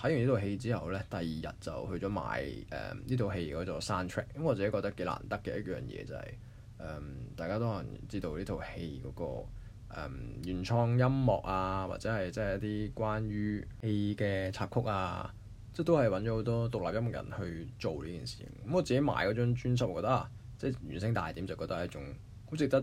睇完呢套戲之後呢，第二日就去咗買誒呢套戲嗰 soundtrack。咁我自己覺得幾難得嘅一樣嘢就係、是嗯、大家都可能知道呢套戲嗰個、嗯、原創音樂啊，或者係即係一啲關於戲嘅插曲啊，即、就、係、是、都係揾咗好多獨立音樂人去做呢件事。咁、嗯、我自己買嗰張專輯，我覺得即係、就是、原聲大點就覺得係一種好值得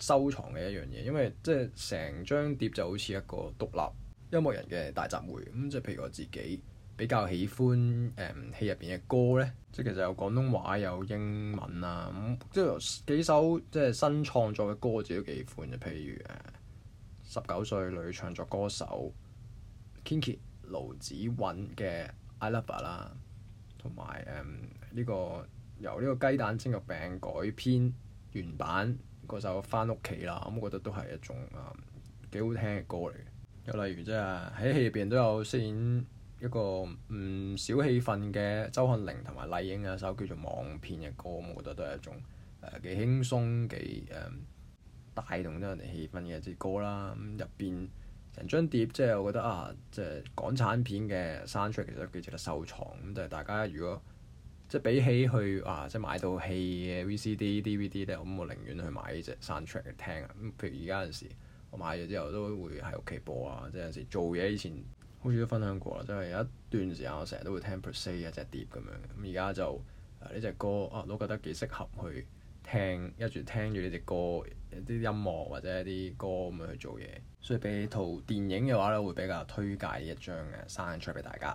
收藏嘅一樣嘢，因為即係成張碟就好似一個獨立音樂人嘅大集會咁，即係譬如我自己比較喜歡誒、嗯、戲入邊嘅歌咧，即係其實有廣東話有英文啊，咁、嗯、即係幾首即係新創作嘅歌，我自己都幾款嘅，譬如誒十九歲女唱作歌手 Kinky 盧子韻嘅《I Love Her》啦，同埋誒呢個由呢個雞蛋蒸肉餅改編原版嗰首《返屋企》啦，咁、嗯、我覺得都係一種誒幾、嗯、好聽嘅歌嚟。又例如即係喺戲入邊都有飾演一個唔少氣氛嘅周漢玲同埋麗影嘅一首叫做《網片》嘅歌，我覺得都係一種誒、呃、幾輕鬆幾誒、呃、帶動咗人哋氣氛嘅一支歌啦。咁入邊成張碟即係、就是、我覺得啊，即、就、係、是、港產片嘅 soundtrack 其實都幾值得收藏。咁、嗯、就係、是、大家如果即係比起去啊即係買套戲嘅 VCD、DVD 咧，我我寧願去買呢隻 soundtrack 嚟聽啊。譬如而家有時。我買咗之後都會喺屋企播啊！即係有時做嘢以前好似都分享過啦，即係有一段時間我成日都會聽 per se 一隻碟咁樣。咁而家就呢隻歌啊，都覺得幾適合去聽，一住聽住呢隻歌一啲音樂或者一啲歌咁樣去做嘢。所以俾套電影嘅話咧，會比較推介一張嘅生出俾大家。